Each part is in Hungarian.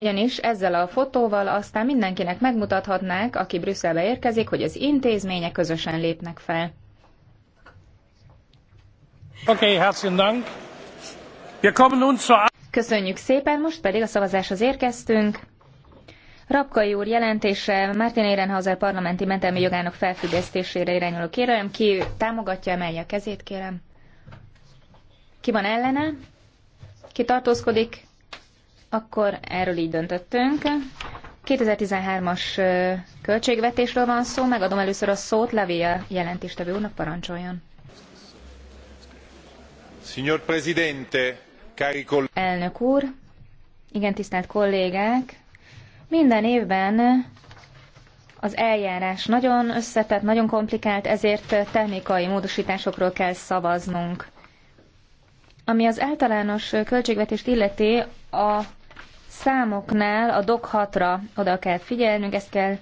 Ugyanis ezzel a fotóval aztán mindenkinek megmutathatnák, aki Brüsszelbe érkezik, hogy az intézmények közösen lépnek fel. Okay, Dank. Wir kommen nun Köszönjük szépen, most pedig a szavazáshoz érkeztünk. Rapkai úr jelentése Martin Ehrenhauser parlamenti mentelmi jogának felfüggesztésére irányuló kérelem. Ki támogatja, emelje a kezét, kérem. Ki van ellene? Ki tartózkodik? Akkor erről így döntöttünk. 2013-as költségvetésről van szó, megadom először a szót, levél jelentéstevő úrnak parancsoljon. Signor Presidente, cari Elnök úr, igen tisztelt kollégák, minden évben az eljárás nagyon összetett, nagyon komplikált, ezért technikai módosításokról kell szavaznunk. Ami az általános költségvetést illeti, a számoknál a DOC 6-ra oda kell figyelnünk, ezt kell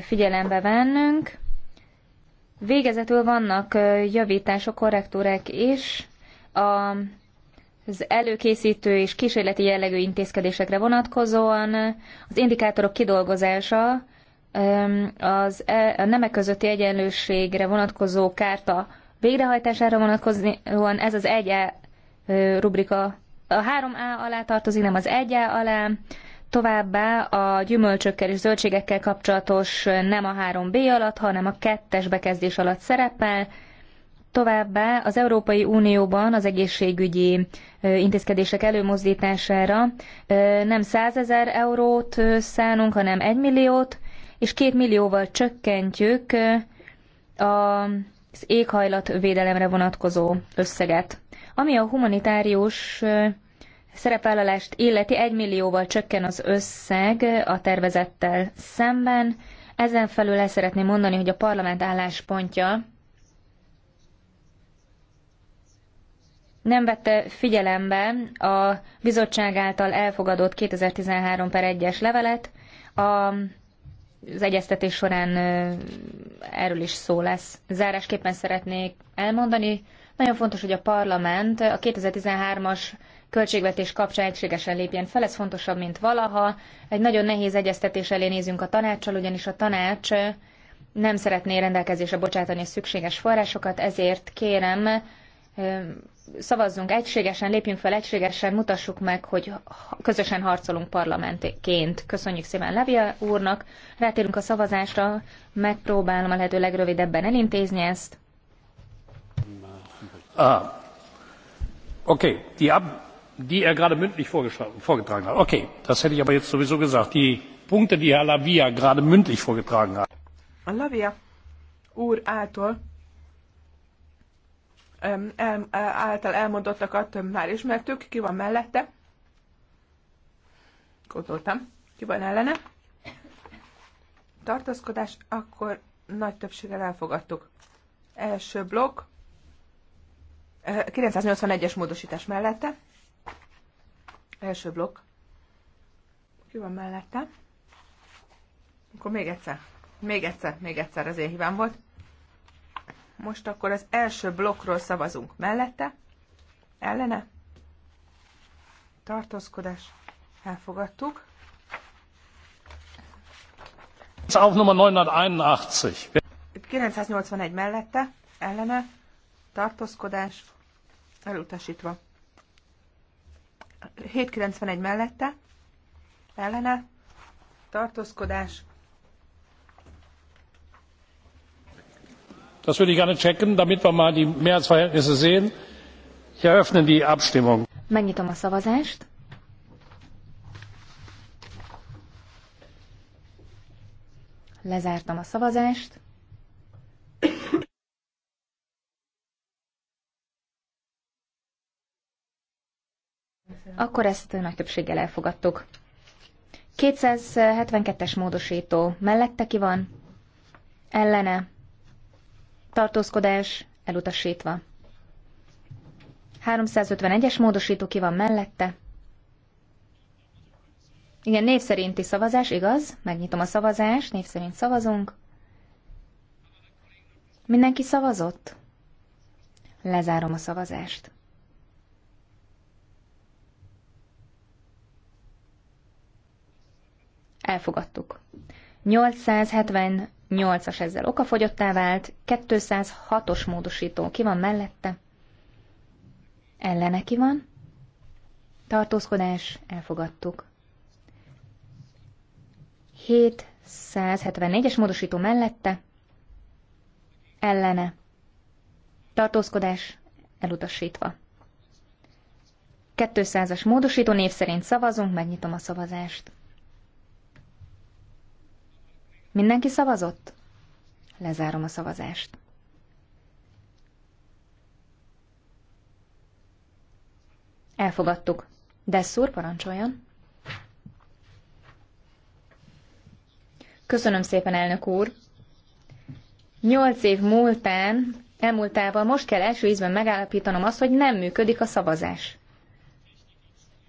figyelembe vennünk. Végezetül vannak javítások, korrektúrek is. A az előkészítő és kísérleti jellegű intézkedésekre vonatkozóan az indikátorok kidolgozása az e, a nemek közötti egyenlőségre vonatkozó kárta végrehajtására vonatkozóan ez az egy rubrika a 3A alá tartozik, nem az 1A alá, továbbá a gyümölcsökkel és zöldségekkel kapcsolatos nem a 3B alatt, hanem a 2-es bekezdés alatt szerepel, Továbbá az Európai Unióban az egészségügyi intézkedések előmozdítására nem 100 ezer eurót szánunk, hanem 1 milliót, és 2 millióval csökkentjük az éghajlatvédelemre vonatkozó összeget. Ami a humanitárius szerepvállalást illeti, egy millióval csökken az összeg a tervezettel szemben. Ezen felül el szeretném mondani, hogy a parlament álláspontja nem vette figyelembe a bizottság által elfogadott 2013 per 1-es levelet. A, az egyeztetés során erről is szó lesz. Zárásképpen szeretnék elmondani, nagyon fontos, hogy a parlament a 2013-as költségvetés kapcsán egységesen lépjen fel, ez fontosabb, mint valaha. Egy nagyon nehéz egyeztetés elé nézünk a tanácssal, ugyanis a tanács nem szeretné rendelkezésre bocsátani a szükséges forrásokat, ezért kérem, szavazzunk egységesen, lépjünk fel egységesen, mutassuk meg, hogy közösen harcolunk parlamentként. Köszönjük szépen Levia úrnak, rátérünk a szavazásra, megpróbálom a lehető legrövidebben elintézni ezt. Ah. die er gerade mündlich vorgetragen hat. okay das hätte ich aber jetzt sowieso gesagt. die punkte die herr la via gerade mündlich vorgetragen hat. a la via úr által um, el, e, által elmondottakat már ismertük, ki van mellette. Gondoltam, ki van ellene. Tartózkodás, akkor nagy többséggel elfogadtuk. Első blokk, 981-es módosítás mellette. Első blokk. Ki van mellette? Akkor még egyszer. Még egyszer, még egyszer az én hibám volt. Most akkor az első blokkról szavazunk. Mellette? Ellene? Tartózkodás. Elfogadtuk. Auf Nummer 981. 981 mellette, ellene, tartózkodás, elutasítva. 791 mellette, ellene, tartózkodás. Das würde ich gerne checken, damit wir mal die Mehrheitsverhältnisse sehen. Ich eröffne die Abstimmung. Megnyitom a szavazást. Lezártam a szavazást. akkor ezt nagy többséggel elfogadtuk. 272-es módosító mellette ki van, ellene, tartózkodás elutasítva. 351-es módosító ki van mellette. Igen, név szerinti szavazás, igaz? Megnyitom a szavazást, név szerint szavazunk. Mindenki szavazott? Lezárom a szavazást. elfogadtuk. 878-as ezzel okafogyottá vált, 206-os módosító ki van mellette, ellene ki van, tartózkodás, elfogadtuk. 774-es módosító mellette, ellene, tartózkodás, elutasítva. 200-as módosító név szerint szavazunk, megnyitom a szavazást. Mindenki szavazott? Lezárom a szavazást. Elfogadtuk. De szúr parancsoljon. Köszönöm szépen, elnök úr. Nyolc év múltán, elmúltával most kell első ízben megállapítanom azt, hogy nem működik a szavazás.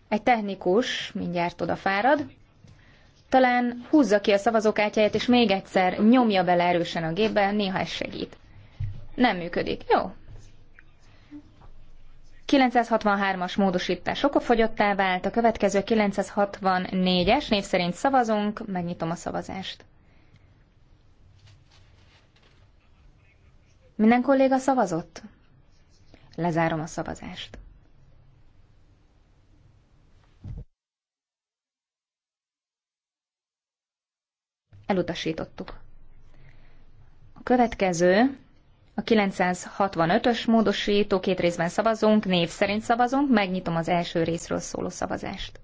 Egy technikus mindjárt oda fárad, talán húzza ki a szavazókártyáját, és még egyszer nyomja bele erősen a gépbe, néha ez segít. Nem működik. Jó. 963-as módosítás okofogyottá vált, a következő 964-es, név szerint szavazunk, megnyitom a szavazást. Minden kolléga szavazott? Lezárom a szavazást. Elutasítottuk. A következő, a 965-ös módosító, két részben szavazunk, név szerint szavazunk, megnyitom az első részről szóló szavazást.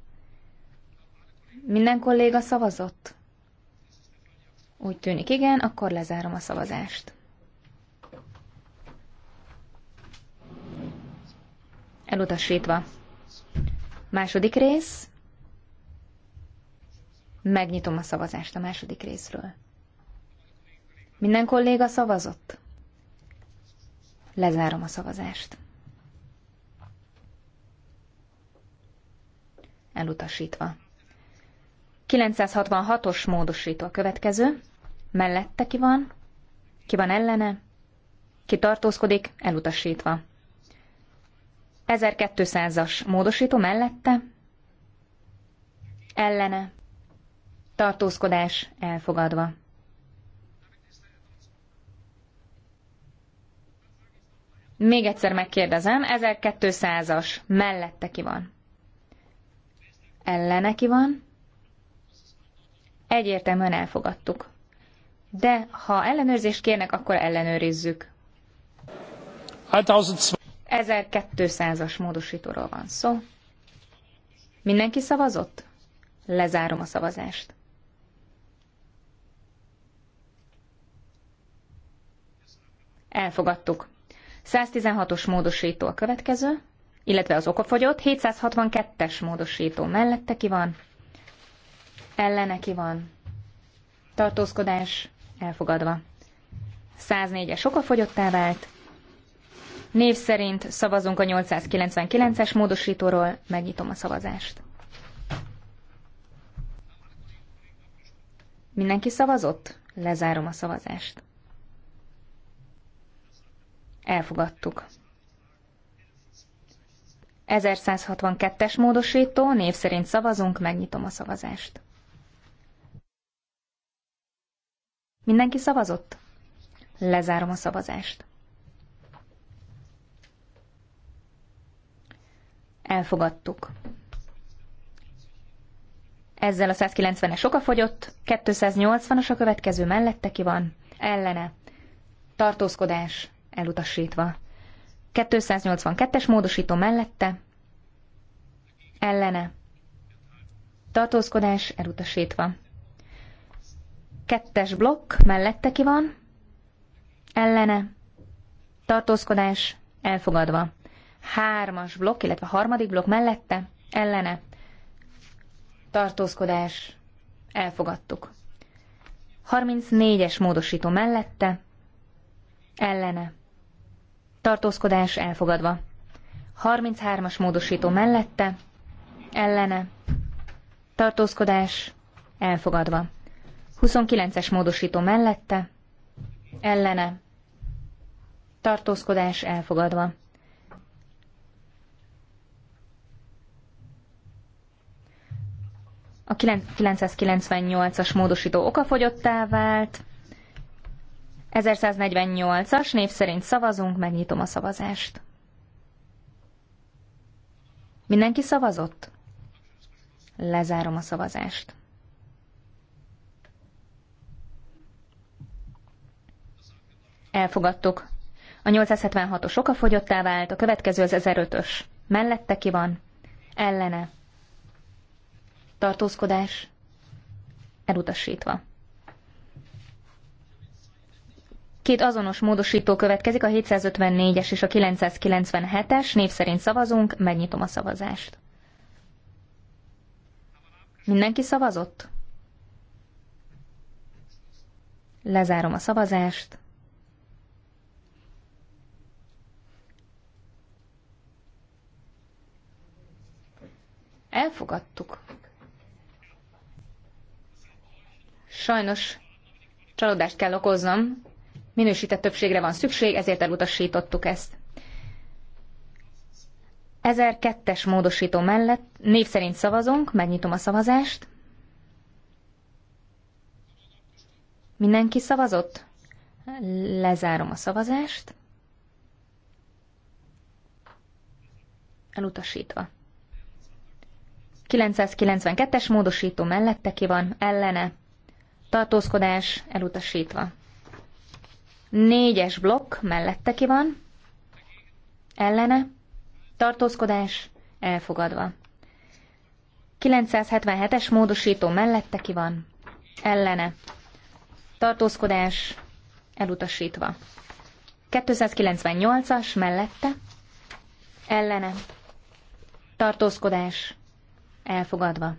Minden kolléga szavazott? Úgy tűnik igen, akkor lezárom a szavazást. Elutasítva. Második rész, Megnyitom a szavazást a második részről. Minden kolléga szavazott? Lezárom a szavazást. Elutasítva. 966-os módosító a következő. Mellette ki van? Ki van ellene? Ki tartózkodik? Elutasítva. 1200-as módosító mellette? Ellene? tartózkodás elfogadva. Még egyszer megkérdezem, 1200-as mellette ki van? Ellene ki van? Egyértelműen elfogadtuk. De ha ellenőrzést kérnek, akkor ellenőrizzük. 1200-as módosítóról van szó. Mindenki szavazott? Lezárom a szavazást. Elfogadtuk. 116-os módosító a következő, illetve az okafogyott, 762-es módosító mellette ki van, ellene ki van, tartózkodás elfogadva. 104-es okafogyottá vált, név szerint szavazunk a 899-es módosítóról, megnyitom a szavazást. Mindenki szavazott? Lezárom a szavazást. Elfogadtuk. 1162-es módosító, név szerint szavazunk, megnyitom a szavazást. Mindenki szavazott? Lezárom a szavazást. Elfogadtuk. Ezzel a 190-es fogyott, 280-as a következő mellette ki van, ellene, tartózkodás, elutasítva. 282-es módosító mellette, ellene, tartózkodás elutasítva. Kettes blokk mellette ki van, ellene, tartózkodás elfogadva. Hármas blokk, illetve harmadik blokk mellette, ellene, tartózkodás elfogadtuk. 34-es módosító mellette, ellene, tartózkodás elfogadva. 33-as módosító mellette, ellene, tartózkodás elfogadva. 29-es módosító mellette, ellene, tartózkodás elfogadva. A 998-as módosító okafogyottá vált, 1148-as név szerint szavazunk, megnyitom a szavazást. Mindenki szavazott? Lezárom a szavazást. Elfogadtuk. A 876-os okafogyottá vált, a következő az 1005-ös. Mellette ki van? Ellene. Tartózkodás. Elutasítva. Két azonos módosító következik, a 754-es és a 997-es. Név szerint szavazunk, megnyitom a szavazást. Mindenki szavazott? Lezárom a szavazást. Elfogadtuk. Sajnos csalódást kell okoznom, minősített többségre van szükség, ezért elutasítottuk ezt. 1002-es módosító mellett név szerint szavazunk, megnyitom a szavazást. Mindenki szavazott? Lezárom a szavazást. Elutasítva. 992-es módosító mellette ki van, ellene. Tartózkodás elutasítva. Négyes blokk mellette ki van. Ellene. Tartózkodás elfogadva. 977-es módosító mellette ki van. Ellene. Tartózkodás elutasítva. 298-as mellette. Ellene. Tartózkodás elfogadva.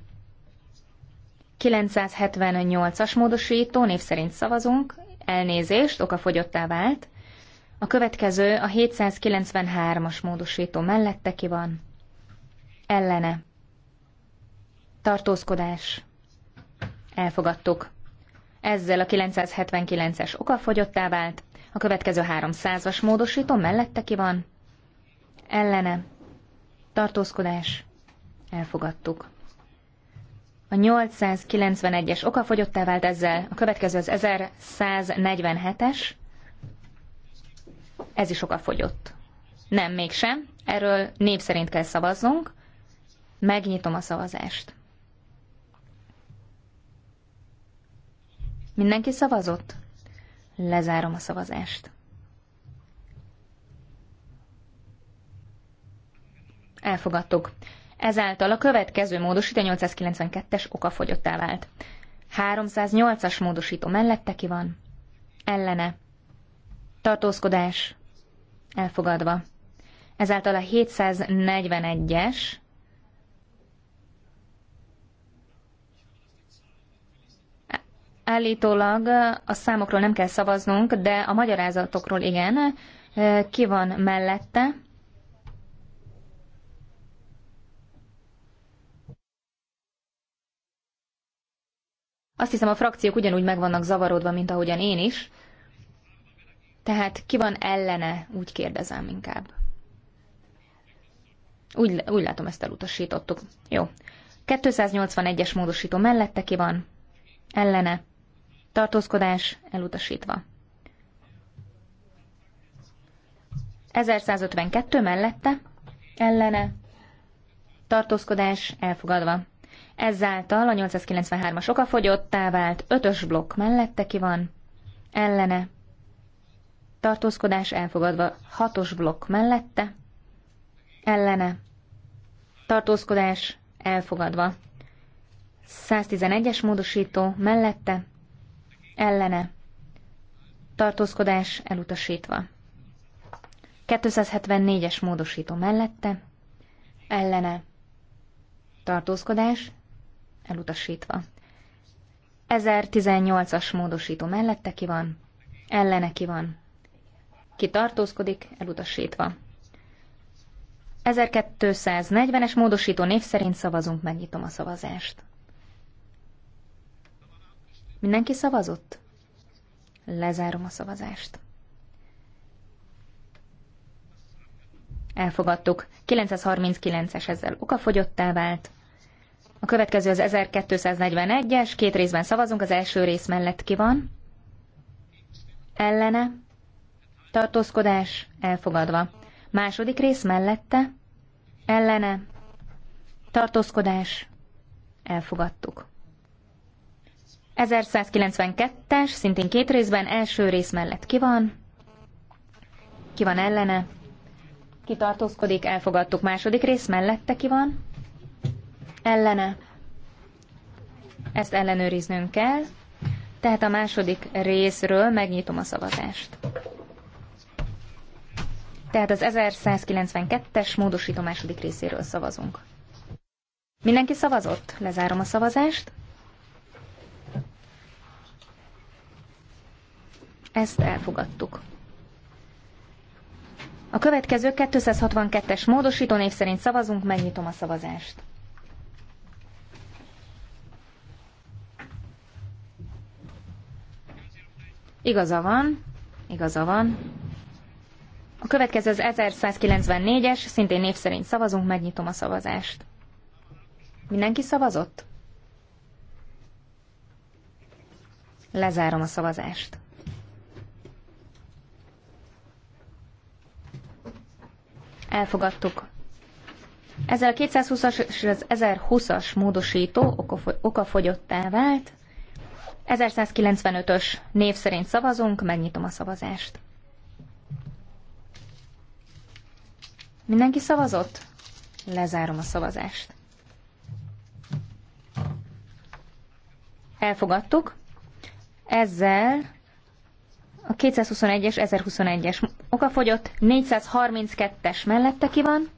978-as módosító, név szerint szavazunk, elnézést, okafogyottá vált. A következő a 793-as módosító mellette ki van. Ellene. Tartózkodás. Elfogadtuk. Ezzel a 979-es okafogyottá vált. A következő 300-as módosító mellette ki van. Ellene. Tartózkodás. Elfogadtuk. A 891-es okafogyottá vált ezzel, a következő az 1147-es, ez is okafogyott. Nem, mégsem, erről név szerint kell szavaznunk, megnyitom a szavazást. Mindenki szavazott? Lezárom a szavazást. Elfogadtuk ezáltal a következő módosító 892-es okafogyottá vált. 308-as módosító mellette ki van? Ellene. Tartózkodás. Elfogadva. Ezáltal a 741-es állítólag a számokról nem kell szavaznunk, de a magyarázatokról igen. Ki van mellette? Azt hiszem, a frakciók ugyanúgy meg vannak zavarodva, mint ahogyan én is. Tehát ki van ellene, úgy kérdezem inkább. Úgy, úgy látom, ezt elutasítottuk. Jó. 281-es módosító mellette ki van? Ellene. Tartózkodás elutasítva. 1152 mellette? Ellene. Tartózkodás elfogadva. Ezáltal a 893-as okafogyottá vált, ötös blokk mellette ki van, ellene, tartózkodás elfogadva, hatos blokk mellette, ellene, tartózkodás elfogadva, 111-es módosító mellette, ellene, tartózkodás elutasítva. 274-es módosító mellette, ellene, tartózkodás elutasítva. 1018-as módosító mellette ki van, ellene ki van, ki tartózkodik, elutasítva. 1240-es módosító név szerint szavazunk, megnyitom a szavazást. Mindenki szavazott? Lezárom a szavazást. Elfogadtuk. 939-es ezzel okafogyottá vált. A következő az 1241-es, két részben szavazunk, az első rész mellett ki van. Ellene, tartózkodás, elfogadva. Második rész mellette, ellene, tartózkodás, elfogadtuk. 1192-es, szintén két részben, első rész mellett ki van, ki van ellene, ki tartózkodik, elfogadtuk. Második rész mellette ki van, ellene. Ezt ellenőriznünk kell, tehát a második részről megnyitom a szavazást. Tehát az 1192-es módosító második részéről szavazunk. Mindenki szavazott? Lezárom a szavazást. Ezt elfogadtuk. A következő 262-es módosító név szerint szavazunk, megnyitom a szavazást. Igaza van, igaza van. A következő az 1194-es, szintén név szerint szavazunk, megnyitom a szavazást. Mindenki szavazott? Lezárom a szavazást. Elfogadtuk. Ezzel a 220-as és az 1020-as módosító okafogyottá vált. 1195-ös név szerint szavazunk, megnyitom a szavazást. Mindenki szavazott? Lezárom a szavazást. Elfogadtuk. Ezzel a 221-es, 1021-es okafogyott, 432-es mellette ki van.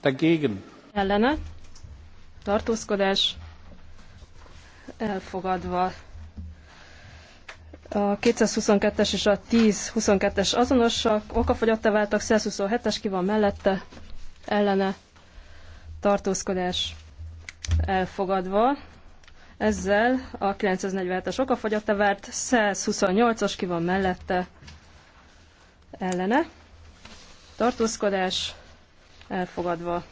Dagegen. Ellene. Tartózkodás. Elfogadva. A 222-es és a 1022-es azonosak, okafogyottá váltak, 127-es ki van mellette, ellene tartózkodás elfogadva. Ezzel a 947-es okafogyottá vált, 128-as ki van mellette, ellene tartózkodás elfogadva.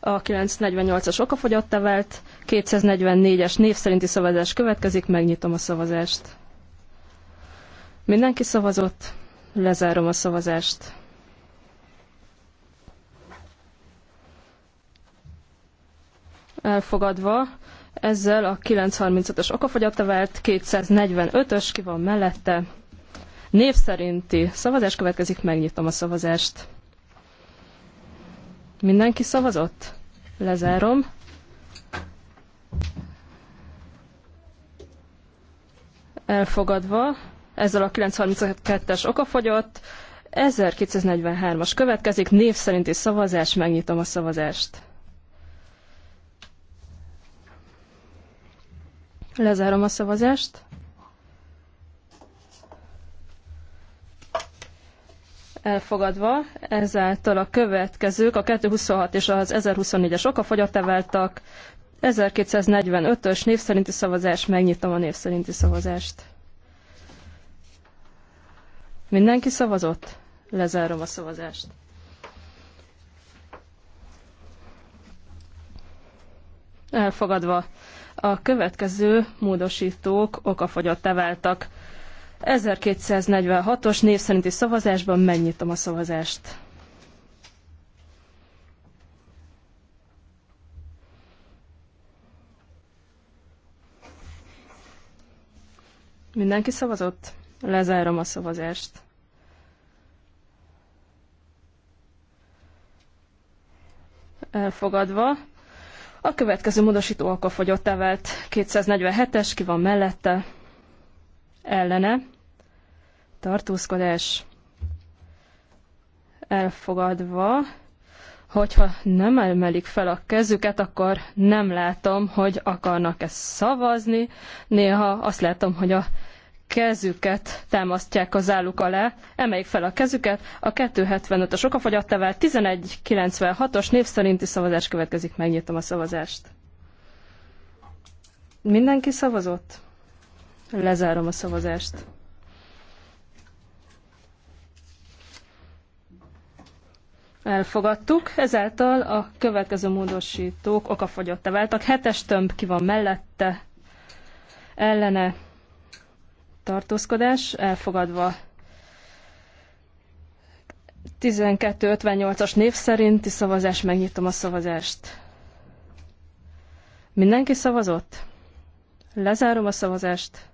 A 948-as okafogyottá vált, 244-es név szerinti szavazás következik, megnyitom a szavazást. Mindenki szavazott, lezárom a szavazást. Elfogadva, ezzel a 935-ös okafogyatta vált, 245-ös ki van mellette. Név szerinti szavazás következik, megnyitom a szavazást. Mindenki szavazott? Lezárom. elfogadva, ezzel a 932-es okafogyott, 1243-as következik, név szerinti szavazás, megnyitom a szavazást. Lezárom a szavazást. Elfogadva, ezáltal a következők, a 226 és az 1024-es okafogyatta váltak, 1245-ös név szavazás, megnyitom a név szavazást. Mindenki szavazott? Lezárom a szavazást. Elfogadva. A következő módosítók okafogyottá váltak. 1246-os név szavazásban megnyitom a szavazást. Mindenki szavazott? Lezárom a szavazást. Elfogadva. A következő módosító alkafogyottá evelt. 247-es, ki van mellette, ellene, tartózkodás, elfogadva, hogyha nem emelik fel a kezüket, akkor nem látom, hogy akarnak-e szavazni. Néha azt látom, hogy a kezüket támasztják az álluk alá, emeljék fel a kezüket, a 275-ös okafogyattával 1196-os név szerinti szavazás következik, megnyitom a szavazást. Mindenki szavazott? Lezárom a szavazást. Elfogadtuk, ezáltal a következő módosítók okafogyottá váltak. Hetes tömb ki van mellette, ellene tartózkodás elfogadva. 1258-as név szerinti szavazás, megnyitom a szavazást. Mindenki szavazott? Lezárom a szavazást.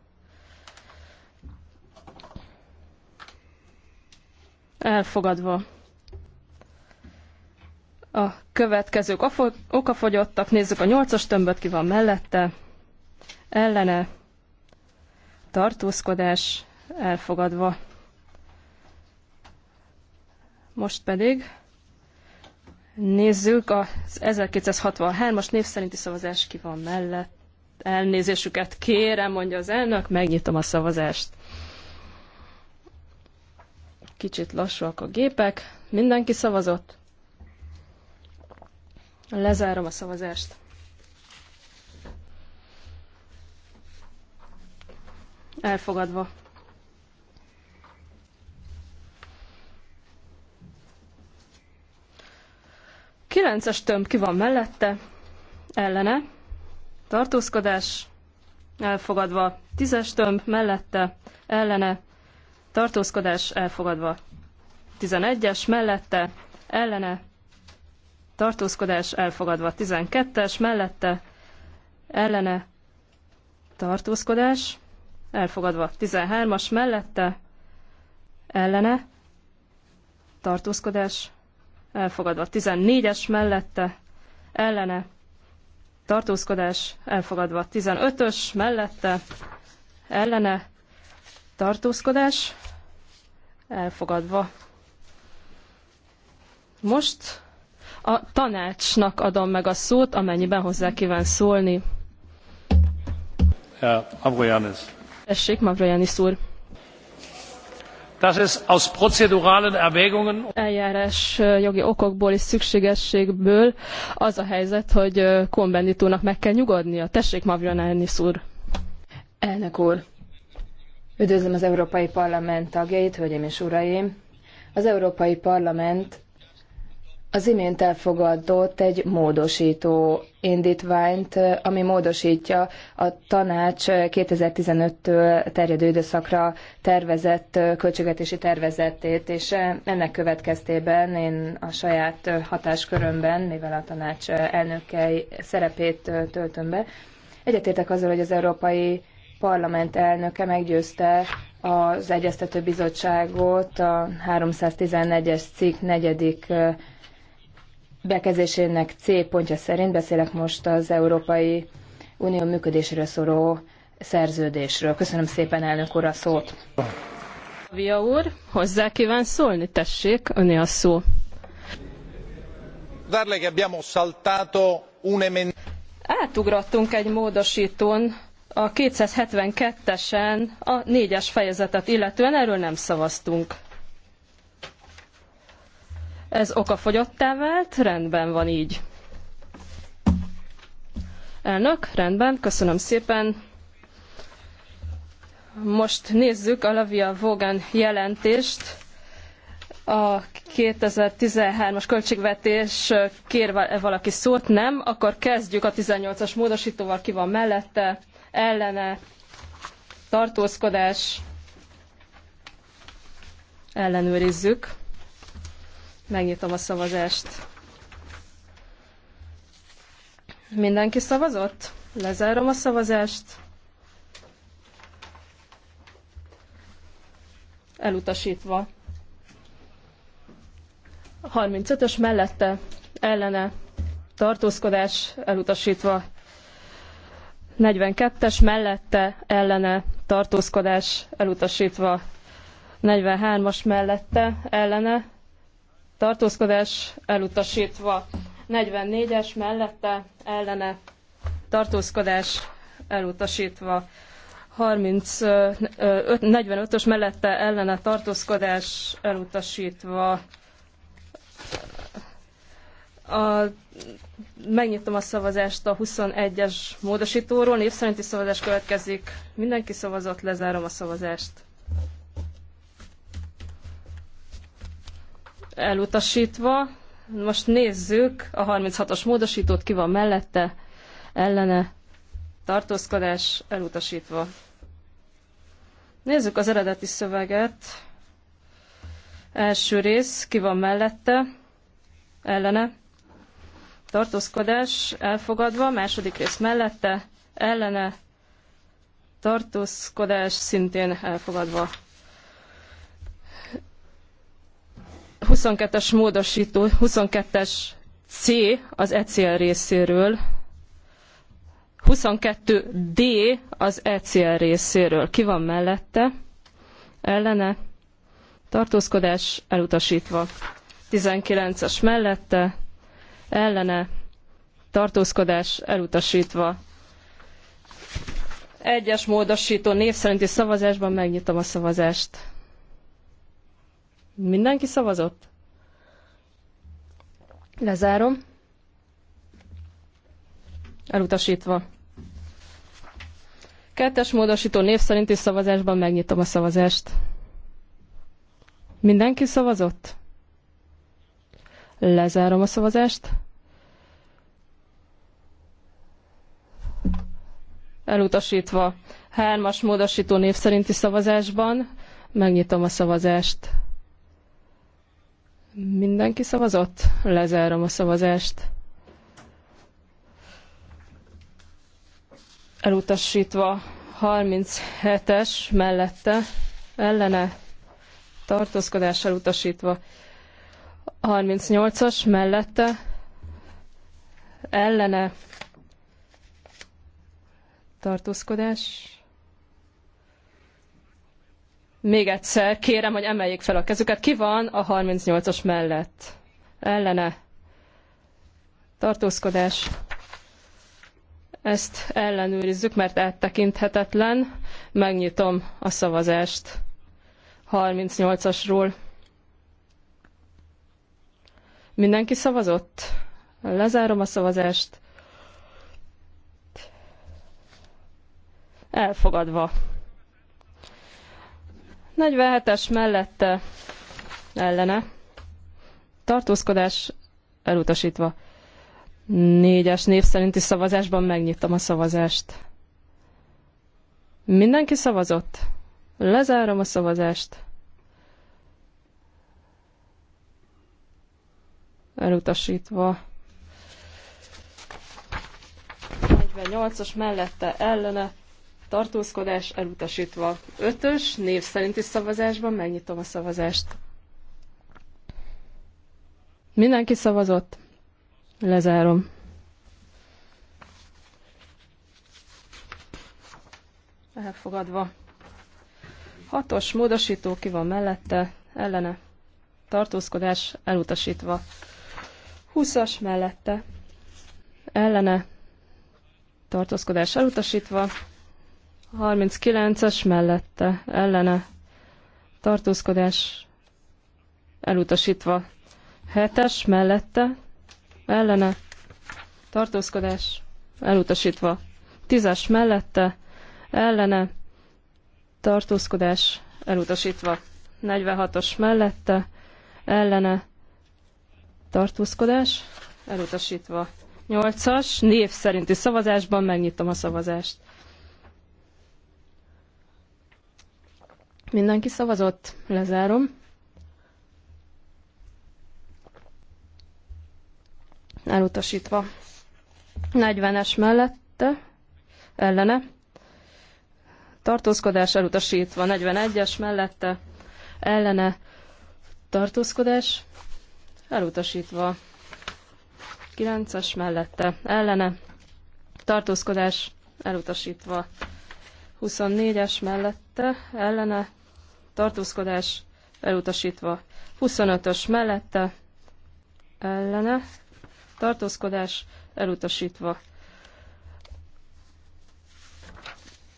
Elfogadva. A következők okafogyottak, nézzük a nyolcas tömböt, ki van mellette. Ellene tartózkodás elfogadva. Most pedig nézzük az 1263-as név szerinti szavazás ki van mellett. Elnézésüket kérem, mondja az elnök, megnyitom a szavazást. Kicsit lassúak a gépek. Mindenki szavazott? Lezárom a szavazást. elfogadva. Kilences tömb ki van mellette, ellene, tartózkodás, elfogadva. Tízes tömb mellette, ellene, tartózkodás, elfogadva. Tizenegyes mellette, ellene, tartózkodás, elfogadva. Tizenkettes mellette, ellene, tartózkodás, elfogadva. 13-as mellette ellene tartózkodás elfogadva. 14-es mellette ellene tartózkodás elfogadva. 15-ös mellette ellene tartózkodás elfogadva. Most a tanácsnak adom meg a szót, amennyiben hozzá kíván szólni. Uh, Tessék, Mavrojanis úr. Das ist aus prozeduralen Erwägungen. Eljárás jogi okokból és szükségességből az a helyzet, hogy kombenditónak meg kell nyugodnia. Tessék, Mavrojanis úr. Elnök úr, üdvözlöm az Európai Parlament tagjait, hölgyeim és uraim. Az Európai Parlament az imént elfogadott egy módosító indítványt, ami módosítja a tanács 2015-től terjedő időszakra tervezett költségvetési tervezetét, és ennek következtében én a saját hatáskörömben, mivel a tanács elnökei szerepét töltöm be, egyetértek azzal, hogy az Európai Parlament elnöke meggyőzte az Egyeztető Bizottságot a 314-es cikk negyedik bekezdésének C pontja szerint beszélek most az Európai Unió működéséről szóló szerződésről. Köszönöm szépen, elnök úr, a szót. Via úr, hozzá kíván szólni, tessék, öné a szó. Átugrottunk egy módosítón, a 272-esen a négyes fejezetet illetően erről nem szavaztunk. Ez okafogyottá vált, rendben van így. Elnök, rendben, köszönöm szépen. Most nézzük a Lavia Vogan jelentést a 2013-as költségvetés kér e valaki szót, nem, akkor kezdjük a 18-as módosítóval, ki van mellette, ellene, tartózkodás, ellenőrizzük. Megnyitom a szavazást. Mindenki szavazott? Lezárom a szavazást. Elutasítva. 35-ös mellette ellene tartózkodás elutasítva. 42-es mellette ellene tartózkodás elutasítva. 43-as mellette ellene tartózkodás elutasítva. 44-es mellette ellene tartózkodás elutasítva. 30, 45-ös mellette ellene tartózkodás elutasítva. A, megnyitom a szavazást a 21-es módosítóról. Név szerinti szavazás következik. Mindenki szavazott, lezárom a szavazást. elutasítva. Most nézzük a 36-os módosítót, ki van mellette, ellene, tartózkodás elutasítva. Nézzük az eredeti szöveget. Első rész, ki van mellette, ellene, tartózkodás elfogadva, második rész mellette, ellene, tartózkodás szintén elfogadva. 22-es 22-es C az ECR részéről, 22 D az ECR részéről. Ki van mellette? Ellene? Tartózkodás elutasítva. 19-es mellette? Ellene? Tartózkodás elutasítva. Egyes módosító név szerinti szavazásban megnyitom a szavazást. Mindenki szavazott? Lezárom. Elutasítva. Kettes módosító név szerinti szavazásban megnyitom a szavazást. Mindenki szavazott? Lezárom a szavazást. Elutasítva. Hármas módosító név szerinti szavazásban megnyitom a szavazást. Mindenki szavazott? Lezárom a szavazást. Elutasítva 37-es mellette ellene tartózkodás elutasítva 38-as mellette ellene tartózkodás még egyszer kérem, hogy emeljék fel a kezüket. Ki van a 38-as mellett? Ellene. Tartózkodás. Ezt ellenőrizzük, mert áttekinthetetlen. Megnyitom a szavazást 38-asról. Mindenki szavazott? Lezárom a szavazást. Elfogadva. 47-es mellette ellene tartózkodás elutasítva. Négyes név szerinti szavazásban megnyitom a szavazást. Mindenki szavazott? Lezárom a szavazást. Elutasítva. 48 os mellette ellene tartózkodás elutasítva. Ötös név szerinti szavazásban megnyitom a szavazást. Mindenki szavazott? Lezárom. Elfogadva. Hatos módosító ki van mellette, ellene. Tartózkodás elutasítva. Húszas mellette, ellene. Tartózkodás elutasítva. 39-es mellette ellene tartózkodás elutasítva. 7-es mellette ellene tartózkodás elutasítva. 10-es mellette ellene tartózkodás elutasítva. 46-os mellette ellene tartózkodás elutasítva. 8-as név szerinti szavazásban megnyitom a szavazást. Mindenki szavazott? Lezárom. Elutasítva. 40-es mellette, ellene. Tartózkodás elutasítva. 41-es mellette, ellene. Tartózkodás elutasítva. 9-es mellette, ellene. Tartózkodás elutasítva. 24-es mellette ellene tartózkodás elutasítva. 25-ös mellette ellene tartózkodás elutasítva.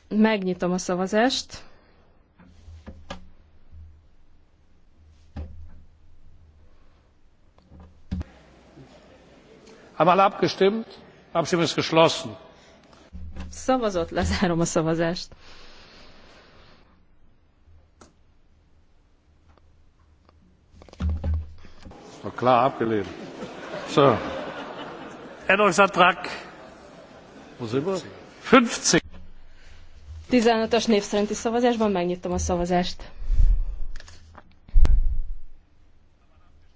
Megnyitom a szavazást. Haben alle abgestimmt? Abstimmung ist geschlossen szavazott, lezárom a szavazást. Na klar, abgelehnt. So. Änderungsantrag. Wo sind wir? 50. 15-ös név szerinti szavazásban megnyitom a szavazást.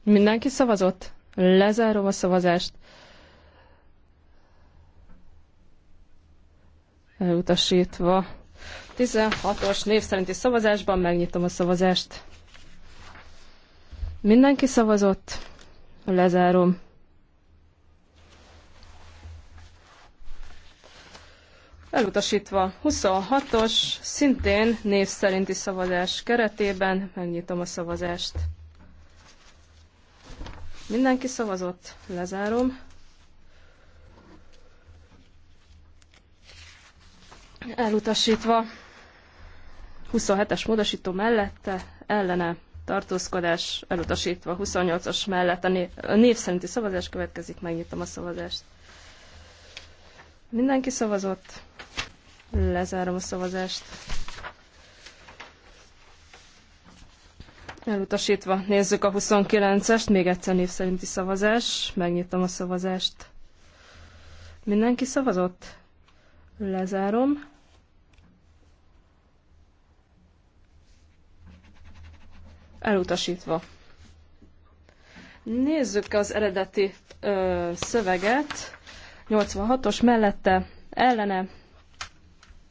Mindenki szavazott? Lezárom a szavazást. elutasítva. 16-os név szerinti szavazásban megnyitom a szavazást. Mindenki szavazott? Lezárom. Elutasítva 26-os, szintén név szerinti szavazás keretében megnyitom a szavazást. Mindenki szavazott? Lezárom. elutasítva. 27-es módosító mellette ellene tartózkodás elutasítva, 28-as mellett a név, a név szerinti szavazás következik, megnyitom a szavazást. Mindenki szavazott, lezárom a szavazást. Elutasítva nézzük a 29-est, még egyszer név szerinti szavazás, megnyitom a szavazást. Mindenki szavazott? Lezárom. elutasítva. Nézzük az eredeti ö, szöveget. 86-os mellette, ellene,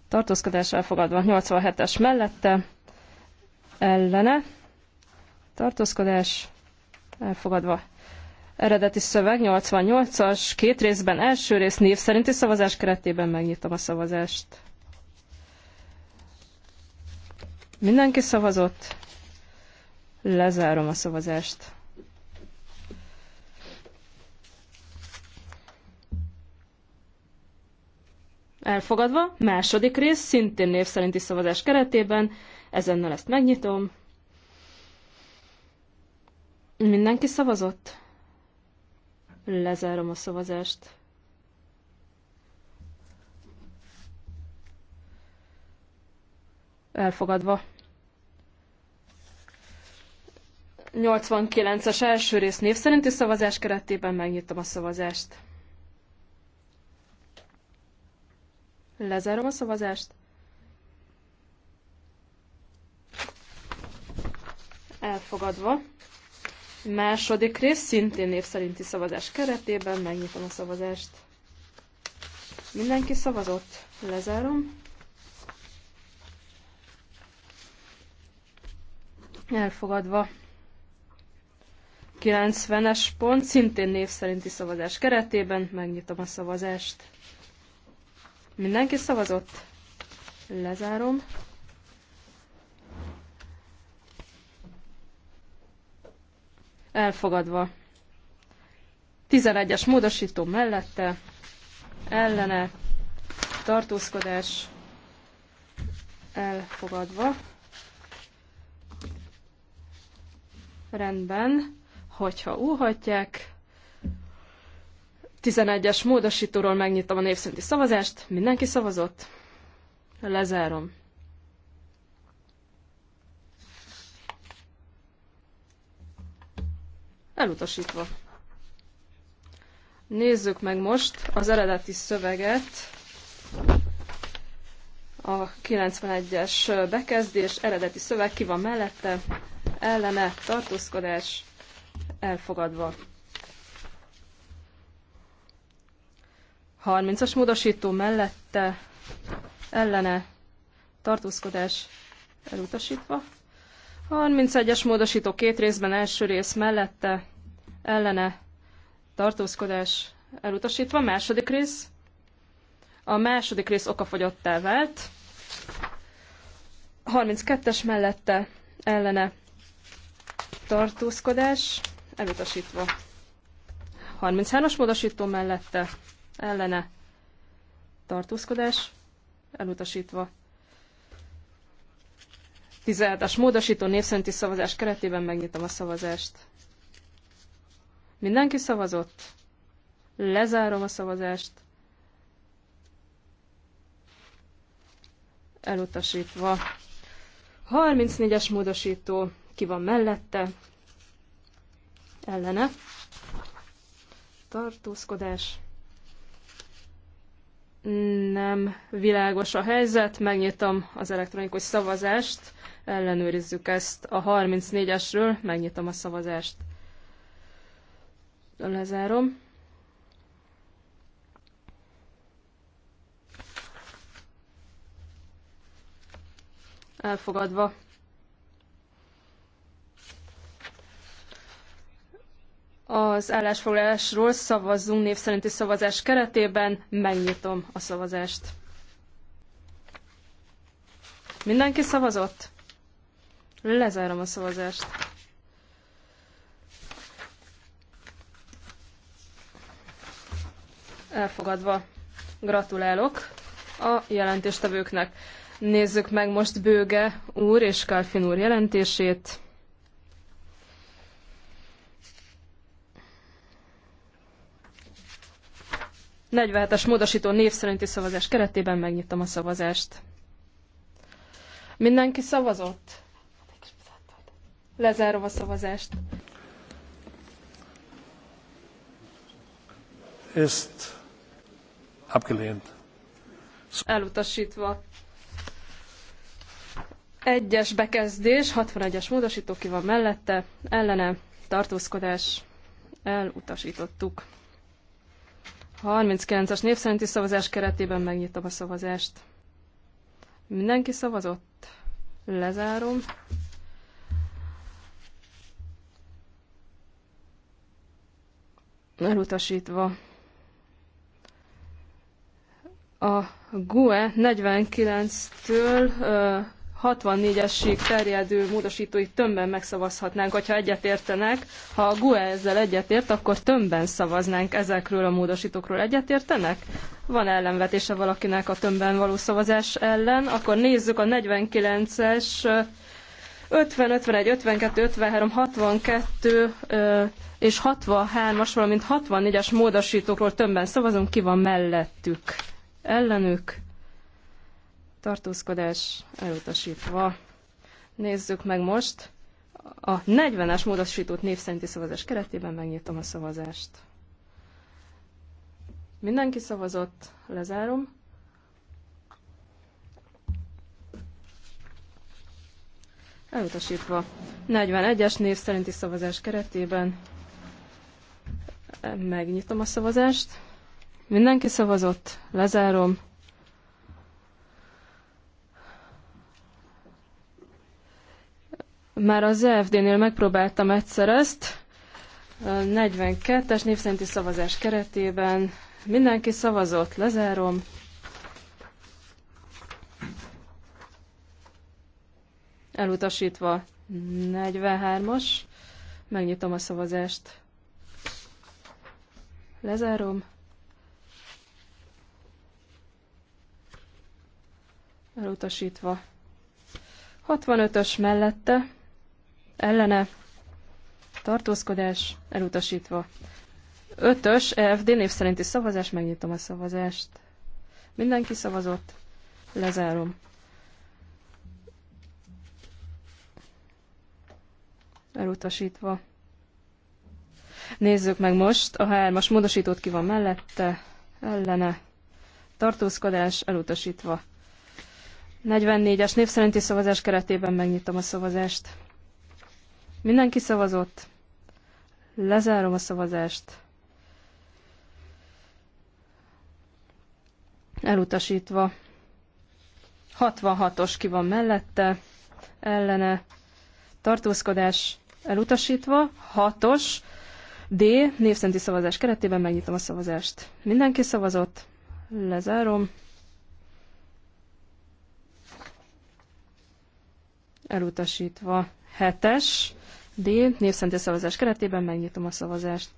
tartózkodás elfogadva. 87-es mellette, ellene, tartózkodás elfogadva. Eredeti szöveg 88-as, két részben első rész név szerinti szavazás keretében megnyitom a szavazást. Mindenki szavazott? Lezárom a szavazást. Elfogadva, második rész, szintén név szerinti szavazás keretében, ezennel ezt megnyitom. Mindenki szavazott? Lezárom a szavazást. Elfogadva. 89-es első rész név szerinti szavazás keretében megnyitom a szavazást. Lezárom a szavazást. Elfogadva. Második rész szintén név szerinti szavazás keretében megnyitom a szavazást. Mindenki szavazott. Lezárom. Elfogadva. 90-es pont, szintén név szerinti szavazás keretében. Megnyitom a szavazást. Mindenki szavazott? Lezárom. Elfogadva. 11-es módosító mellette, ellene, tartózkodás, elfogadva. Rendben hogyha óhatják. 11-es módosítóról megnyitom a népszinti szavazást. Mindenki szavazott? Lezárom. Elutasítva. Nézzük meg most az eredeti szöveget, a 91-es bekezdés, eredeti szöveg ki van mellette, ellene, tartózkodás, elfogadva. 30-as módosító mellette ellene tartózkodás elutasítva. 31-es módosító két részben első rész mellette ellene tartózkodás elutasítva. Második rész. A második rész okafogyottá vált. 32-es mellette ellene tartózkodás elutasítva. 33-as módosító mellette ellene tartózkodás elutasítva. 17-es módosító népszerinti szavazás keretében megnyitom a szavazást. Mindenki szavazott? Lezárom a szavazást. Elutasítva. 34-es módosító ki van mellette, ellene, tartózkodás, nem világos a helyzet, megnyitom az elektronikus szavazást, ellenőrizzük ezt a 34-esről, megnyitom a szavazást. Lezárom. Elfogadva. az állásfoglalásról szavazzunk név szerinti szavazás keretében. Megnyitom a szavazást. Mindenki szavazott? Lezárom a szavazást. Elfogadva. Gratulálok a jelentéstevőknek. Nézzük meg most Bőge úr és Kalfin úr jelentését. 47-es módosító név szerinti szavazás keretében megnyitom a szavazást. Mindenki szavazott? Lezárom a szavazást. Ist abgelehnt. Elutasítva. Egyes bekezdés, 61-es módosító ki van mellette, ellene tartózkodás, elutasítottuk. 39-as név szerinti szavazás keretében megnyitom a szavazást. Mindenki szavazott? Lezárom. Elutasítva. A GUE 49-től 64-esig terjedő módosítói tömbben megszavazhatnánk, hogyha egyetértenek. Ha a GUE ezzel egyetért, akkor tömbben szavaznánk ezekről a módosítókról. Egyetértenek? Van ellenvetése valakinek a tömbben való szavazás ellen? Akkor nézzük a 49-es 50, 51, 52, 53, 62 és 63-as, valamint 64-es módosítókról tömbben szavazunk, ki van mellettük. Ellenük tartózkodás elutasítva. Nézzük meg most a 40-es módosított név szerinti szavazás keretében megnyitom a szavazást. Mindenki szavazott, lezárom. Elutasítva. 41-es név szerinti szavazás keretében megnyitom a szavazást. Mindenki szavazott, lezárom. Már az EFD-nél megpróbáltam egyszer ezt, 42-es névszerinti szavazás keretében. Mindenki szavazott, lezárom. Elutasítva 43-as. Megnyitom a szavazást. Lezárom. Elutasítva. 65-ös mellette ellene tartózkodás elutasítva. Ötös EFD név szerinti szavazás, megnyitom a szavazást. Mindenki szavazott, lezárom. Elutasítva. Nézzük meg most, a hármas módosítót ki van mellette, ellene, tartózkodás elutasítva. 44-es név szerinti szavazás keretében megnyitom a szavazást. Mindenki szavazott. Lezárom a szavazást. Elutasítva. 66-os ki van mellette, ellene. Tartózkodás elutasítva. 6-os. D. Névszenti szavazás keretében megnyitom a szavazást. Mindenki szavazott. Lezárom. Elutasítva. 7-es D. Névszentő szavazás keretében megnyitom a szavazást.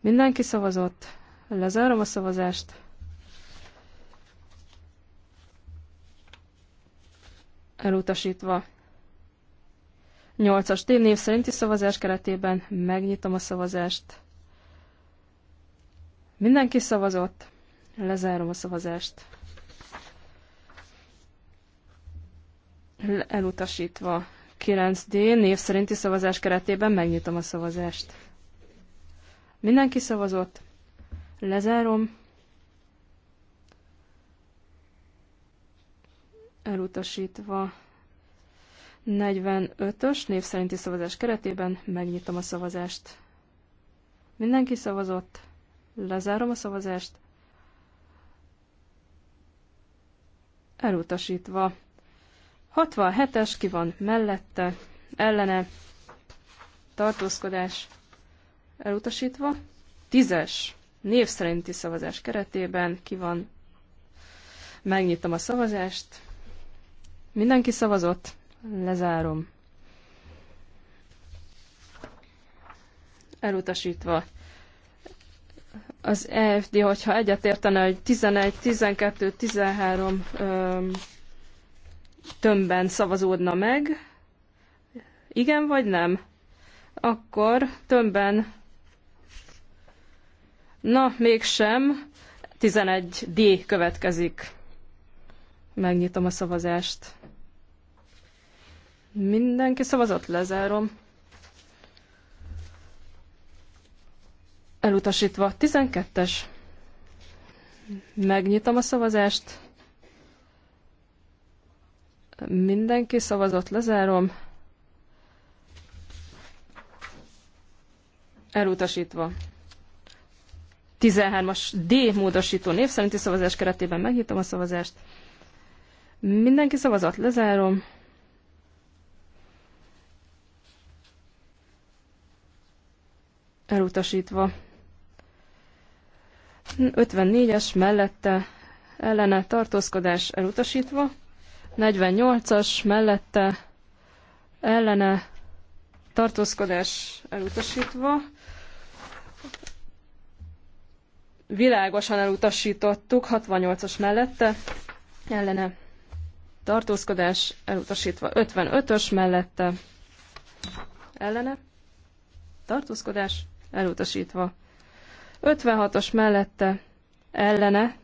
Mindenki szavazott. Lezárom a szavazást. Elutasítva. 8-as D. Név szerinti szavazás keretében megnyitom a szavazást. Mindenki szavazott. Lezárom a szavazást. Elutasítva. 9D név szerinti szavazás keretében megnyitom a szavazást. Mindenki szavazott. Lezárom. Elutasítva 45-ös név szerinti szavazás keretében megnyitom a szavazást. Mindenki szavazott. Lezárom a szavazást. Elutasítva 67-es ki van mellette, ellene, tartózkodás elutasítva. 10-es név szerinti szavazás keretében ki van. Megnyitom a szavazást. Mindenki szavazott? Lezárom. Elutasítva az EFD, hogyha egyetértene, hogy 11, 12, 13 öm, tömbben szavazódna meg, igen vagy nem, akkor tömbben, na mégsem, 11D következik. Megnyitom a szavazást. Mindenki szavazott, lezárom. Elutasítva 12-es. Megnyitom a szavazást. Mindenki szavazott, lezárom. Elutasítva. 13-as D módosító név szerinti szavazás keretében megnyitom a szavazást. Mindenki szavazott, lezárom. Elutasítva. 54-es mellette ellene tartózkodás elutasítva. 48-as mellette ellene tartózkodás elutasítva. Világosan elutasítottuk 68-as mellette ellene tartózkodás elutasítva 55-ös mellette ellene tartózkodás elutasítva 56-os mellette ellene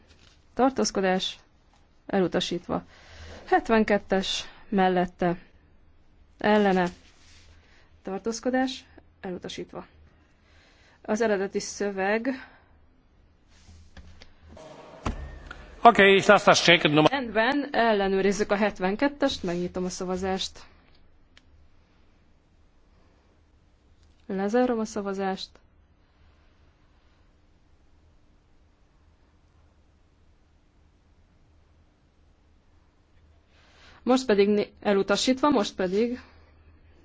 tartózkodás elutasítva 72-es mellette ellene tartózkodás elutasítva. Az eredeti szöveg Oké, és azt azt Rendben, ellenőrizzük a 72-est, megnyitom a szavazást. Lezárom a szavazást. Most pedig elutasítva, most pedig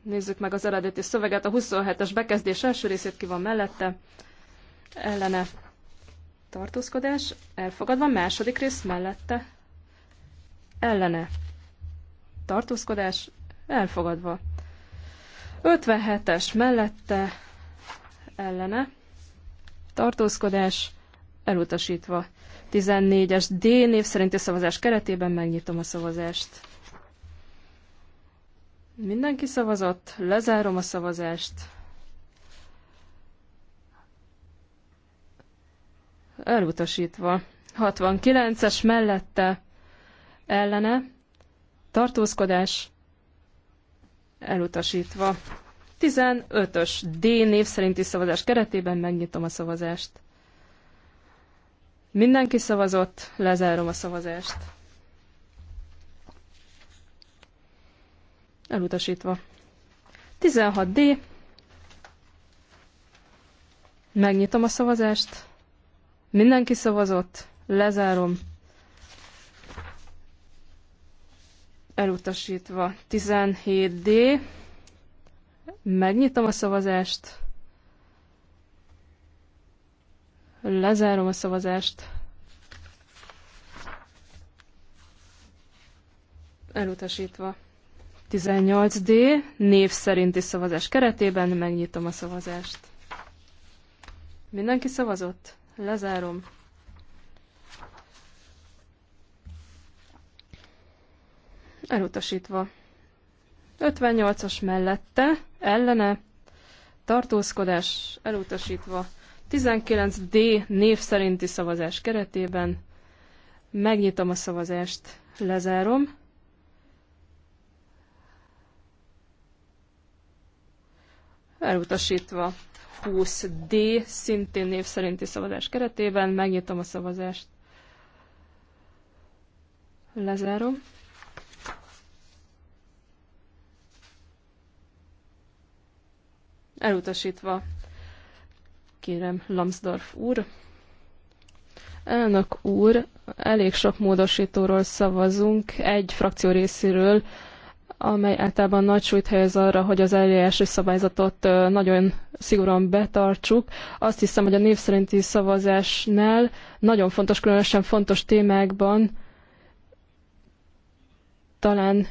nézzük meg az eredeti szöveget. A 27-es bekezdés első részét ki van mellette. Ellene tartózkodás elfogadva, második rész mellette. Ellene tartózkodás elfogadva. 57-es mellette ellene tartózkodás elutasítva. 14-es D név szerinti szavazás keretében megnyitom a szavazást. Mindenki szavazott, lezárom a szavazást. Elutasítva. 69-es mellette ellene tartózkodás elutasítva. 15-ös D név szerinti szavazás keretében megnyitom a szavazást. Mindenki szavazott, lezárom a szavazást. Elutasítva. 16D. Megnyitom a szavazást. Mindenki szavazott. Lezárom. Elutasítva. 17D. Megnyitom a szavazást. Lezárom a szavazást. Elutasítva. 18D név szerinti szavazás keretében megnyitom a szavazást. Mindenki szavazott? Lezárom. Elutasítva. 58-as mellette, ellene, tartózkodás elutasítva. 19D név szerinti szavazás keretében megnyitom a szavazást, lezárom. elutasítva. 20D, szintén név szerinti szavazás keretében. Megnyitom a szavazást. Lezárom. Elutasítva. Kérem, Lamsdorf úr. Elnök úr, elég sok módosítóról szavazunk, egy frakció részéről amely általában nagy súlyt helyez arra, hogy az eljárási szabályzatot nagyon szigorúan betartsuk. Azt hiszem, hogy a név szerinti szavazásnál nagyon fontos, különösen fontos témákban talán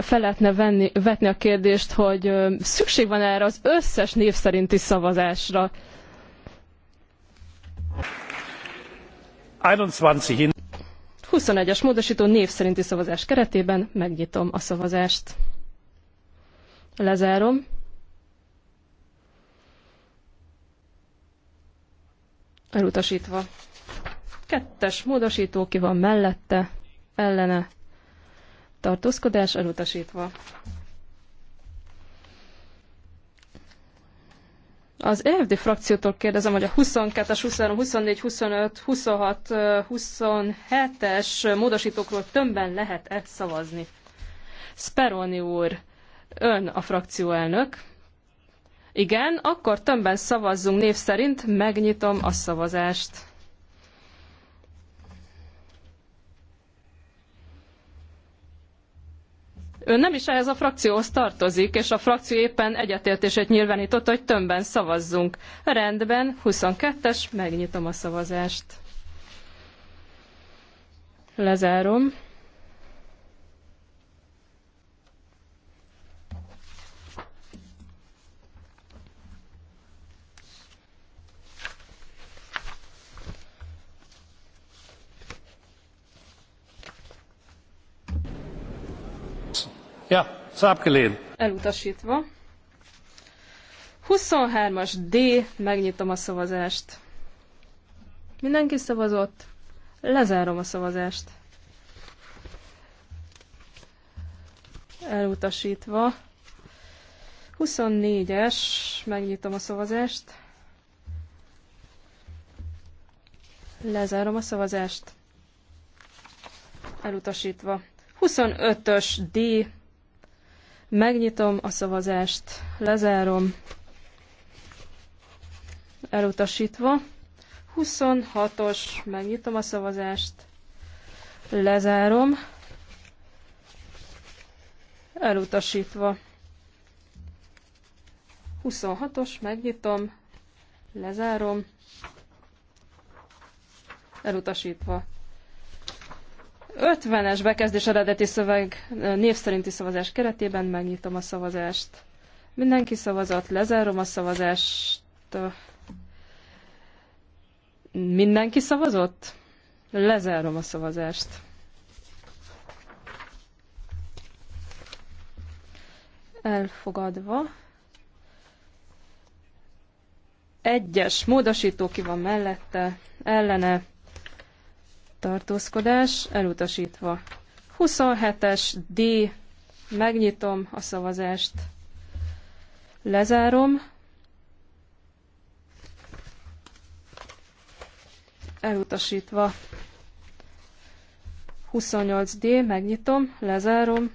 fel lehetne venni, vetni a kérdést, hogy szükség van erre az összes név szerinti szavazásra. 21. 21-es módosító név szerinti szavazás keretében megnyitom a szavazást. Lezárom. Elutasítva. Kettes módosító ki van mellette, ellene. Tartózkodás elutasítva. Az EFD frakciótól kérdezem, hogy a 22-es, 23, 24, 25, 26, 27-es módosítókról többen lehet-e szavazni? Speroni úr, ön a frakcióelnök. Igen, akkor többen szavazzunk név szerint, megnyitom a szavazást. Ön nem is ehhez a frakcióhoz tartozik, és a frakció éppen egyetértését nyilvánította, hogy tömbben szavazzunk. Rendben, 22-es, megnyitom a szavazást. Lezárom. Elutasítva. 23-as D, megnyitom a szavazást. Mindenki szavazott? Lezárom a szavazást. Elutasítva. 24-es, megnyitom a szavazást. Lezárom a szavazást. Elutasítva. 25-ös D, Megnyitom a szavazást, lezárom, elutasítva. 26-os, megnyitom a szavazást, lezárom, elutasítva. 26-os, megnyitom, lezárom, elutasítva. 50-es bekezdés eredeti szöveg eh, név szerinti szavazás keretében megnyitom a szavazást. Mindenki szavazott, lezárom a szavazást. Mindenki szavazott? Lezárom a szavazást. Elfogadva. Egyes módosító ki van mellette, ellene tartózkodás elutasítva. 27-es D, megnyitom a szavazást, lezárom, elutasítva. 28D, megnyitom, lezárom.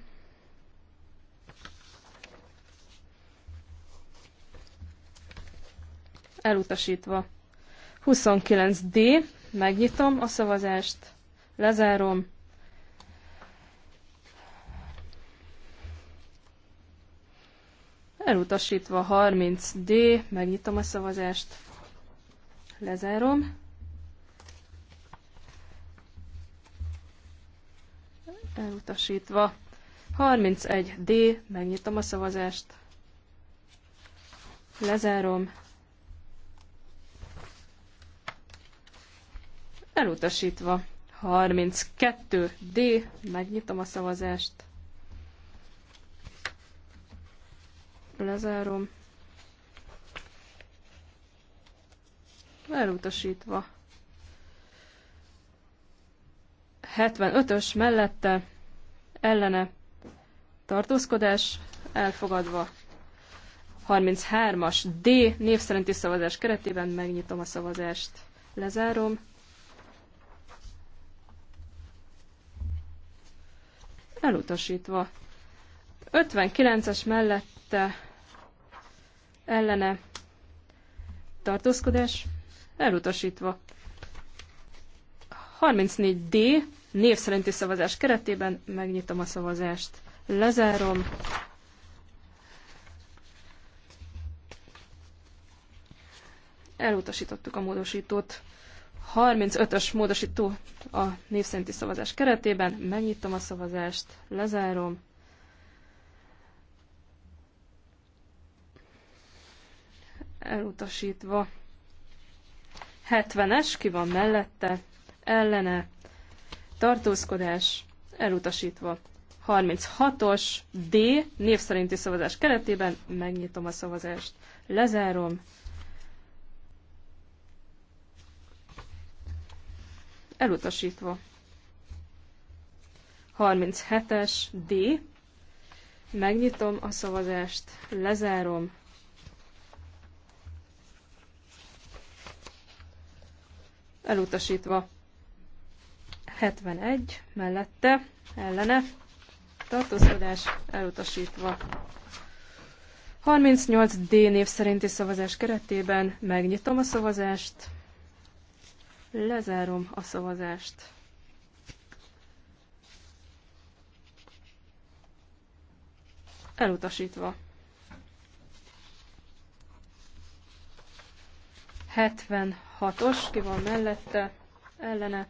Elutasítva. 29D, Megnyitom a szavazást, lezárom. Elutasítva 30D, megnyitom a szavazást, lezárom. Elutasítva 31D, megnyitom a szavazást, lezárom. Elutasítva. 32D. Megnyitom a szavazást. Lezárom. Elutasítva. 75-ös mellette ellene tartózkodás elfogadva. 33-as D név szerinti szavazás keretében megnyitom a szavazást. Lezárom. elutasítva. 59-es mellette ellene tartózkodás elutasítva. 34D név szerinti szavazás keretében megnyitom a szavazást. Lezárom. Elutasítottuk a módosítót. 35-ös módosító a névszerinti szavazás keretében. Megnyitom a szavazást, lezárom. Elutasítva. 70-es, ki van mellette, ellene, tartózkodás, elutasítva. 36-os D név szerinti szavazás keretében megnyitom a szavazást, lezárom. elutasítva. 37-es D. Megnyitom a szavazást, lezárom. Elutasítva. 71 mellette, ellene, tartózkodás elutasítva. 38D név szerinti szavazás keretében megnyitom a szavazást. Lezárom a szavazást. Elutasítva. 76-os, ki van mellette, ellene.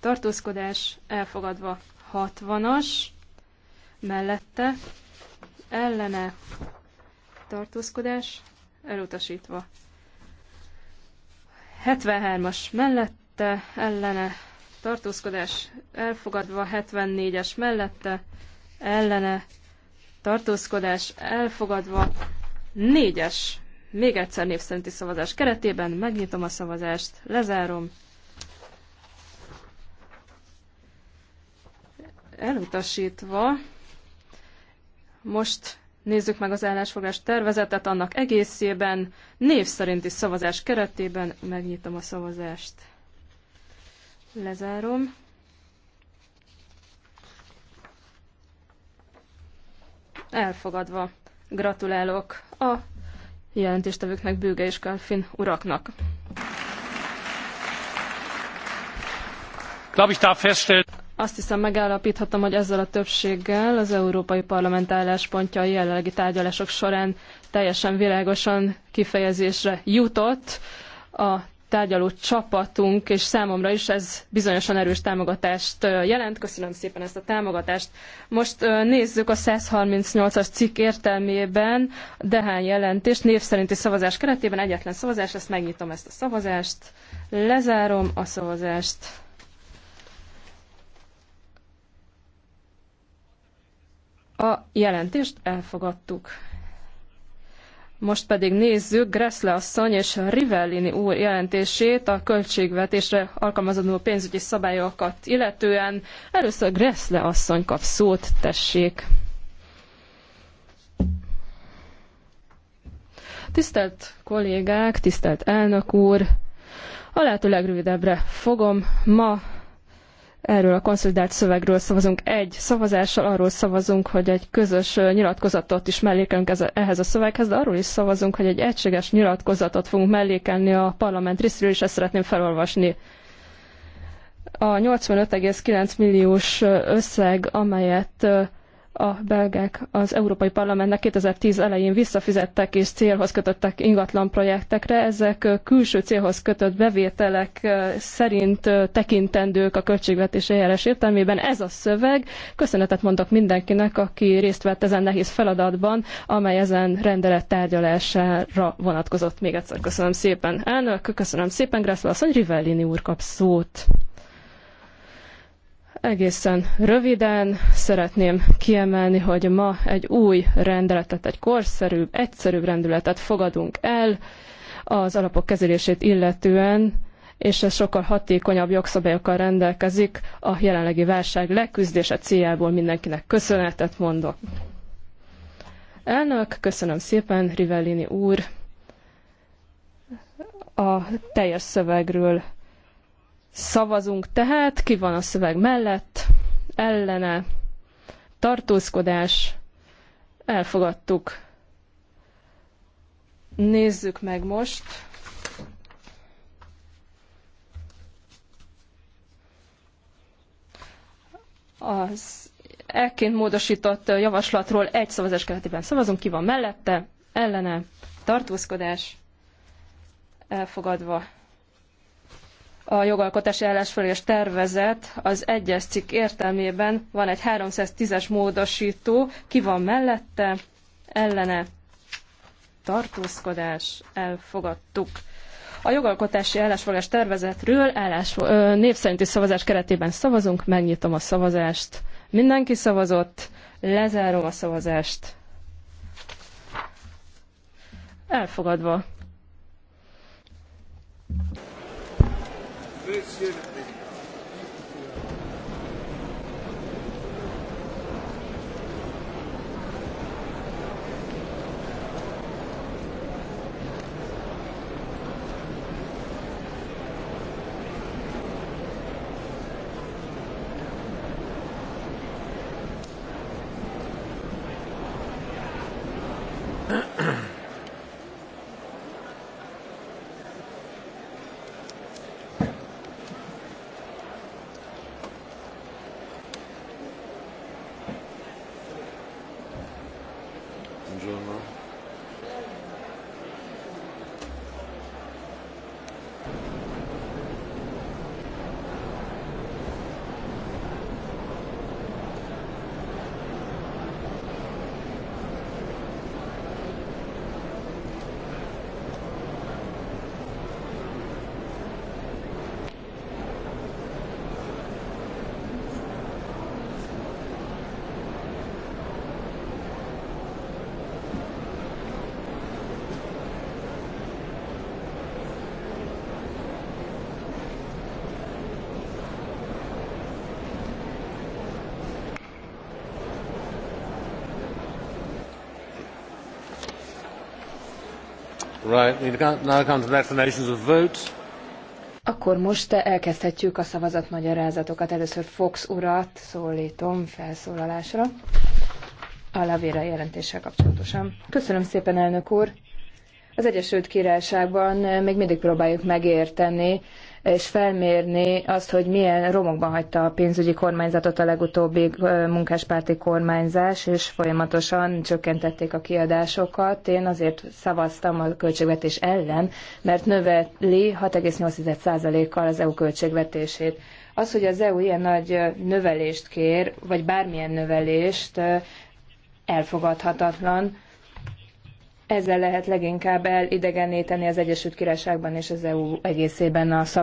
Tartózkodás elfogadva. 60-as, mellette, ellene. Tartózkodás elutasítva. 73-as mellette, ellene tartózkodás elfogadva, 74-es mellette, ellene tartózkodás elfogadva, 4-es, még egyszer népszerinti szavazás keretében, megnyitom a szavazást, lezárom, elutasítva, most Nézzük meg az állásfogás tervezetet annak egészében, név szerinti szavazás keretében. Megnyitom a szavazást. Lezárom. Elfogadva. Gratulálok a jelentéstevőknek, Bőge és Kalfin uraknak. Glaube ich darf feststellen. Azt hiszem megállapíthatom, hogy ezzel a többséggel az Európai Parlament álláspontja a jelenlegi tárgyalások során teljesen világosan kifejezésre jutott. A tárgyaló csapatunk, és számomra is ez bizonyosan erős támogatást jelent. Köszönöm szépen ezt a támogatást. Most nézzük a 138-as cikk értelmében Dehány jelentést név szerinti szavazás keretében. Egyetlen szavazás, ezt megnyitom ezt a szavazást, lezárom a szavazást. A jelentést elfogadtuk. Most pedig nézzük Gressle asszony és Rivellini úr jelentését a költségvetésre alkalmazandó pénzügyi szabályokat illetően. Először Gressle asszony kap szót, tessék. Tisztelt kollégák, tisztelt elnök úr, a lehető legrövidebbre fogom ma Erről a konszolidált szövegről szavazunk egy szavazással, arról szavazunk, hogy egy közös nyilatkozatot is mellékelünk ehhez a szöveghez, de arról is szavazunk, hogy egy egységes nyilatkozatot fogunk mellékelni a parlament részéről, és ezt szeretném felolvasni a 85,9 milliós összeg, amelyet a belgák az Európai Parlamentnek 2010 elején visszafizettek és célhoz kötöttek ingatlan projektekre. Ezek külső célhoz kötött bevételek szerint tekintendők a költségvetés eljárás értelmében. Ez a szöveg. Köszönetet mondok mindenkinek, aki részt vett ezen nehéz feladatban, amely ezen rendelet tárgyalására vonatkozott. Még egyszer köszönöm szépen, elnök, köszönöm szépen, Grászló asszony, Rivellini úr kap szót. Egészen röviden szeretném kiemelni, hogy ma egy új rendeletet, egy korszerűbb, egyszerűbb rendeletet fogadunk el az alapok kezelését illetően, és ez sokkal hatékonyabb jogszabályokkal rendelkezik a jelenlegi válság leküzdése céljából mindenkinek köszönetet mondok. Elnök, köszönöm szépen, Rivellini úr. A teljes szövegről Szavazunk tehát, ki van a szöveg mellett, ellene, tartózkodás, elfogadtuk. Nézzük meg most. Az ekként módosított javaslatról egy szavazás keretében szavazunk, ki van mellette, ellene, tartózkodás, elfogadva a jogalkotási állásfoglalás tervezet az egyes cikk értelmében van egy 310-es módosító, ki van mellette, ellene tartózkodás, elfogadtuk. A jogalkotási állásfoglalás tervezetről állás, ö, népszerinti szavazás keretében szavazunk, megnyitom a szavazást. Mindenki szavazott, lezárom a szavazást. Elfogadva. Monsieur Akkor most elkezdhetjük a szavazatmagyarázatokat. Először Fox urat szólítom felszólalásra a lavéra jelentéssel kapcsolatosan. Köszönöm szépen, elnök úr! Az Egyesült Királyságban még mindig próbáljuk megérteni, és felmérni azt, hogy milyen romokban hagyta a pénzügyi kormányzatot a legutóbbi munkáspárti kormányzás, és folyamatosan csökkentették a kiadásokat. Én azért szavaztam a költségvetés ellen, mert növeli 6,8%-kal az EU költségvetését. Az, hogy az EU ilyen nagy növelést kér, vagy bármilyen növelést, elfogadhatatlan. Ezzel lehet leginkább elidegeníteni az Egyesült Királyságban és az EU egészében a szab-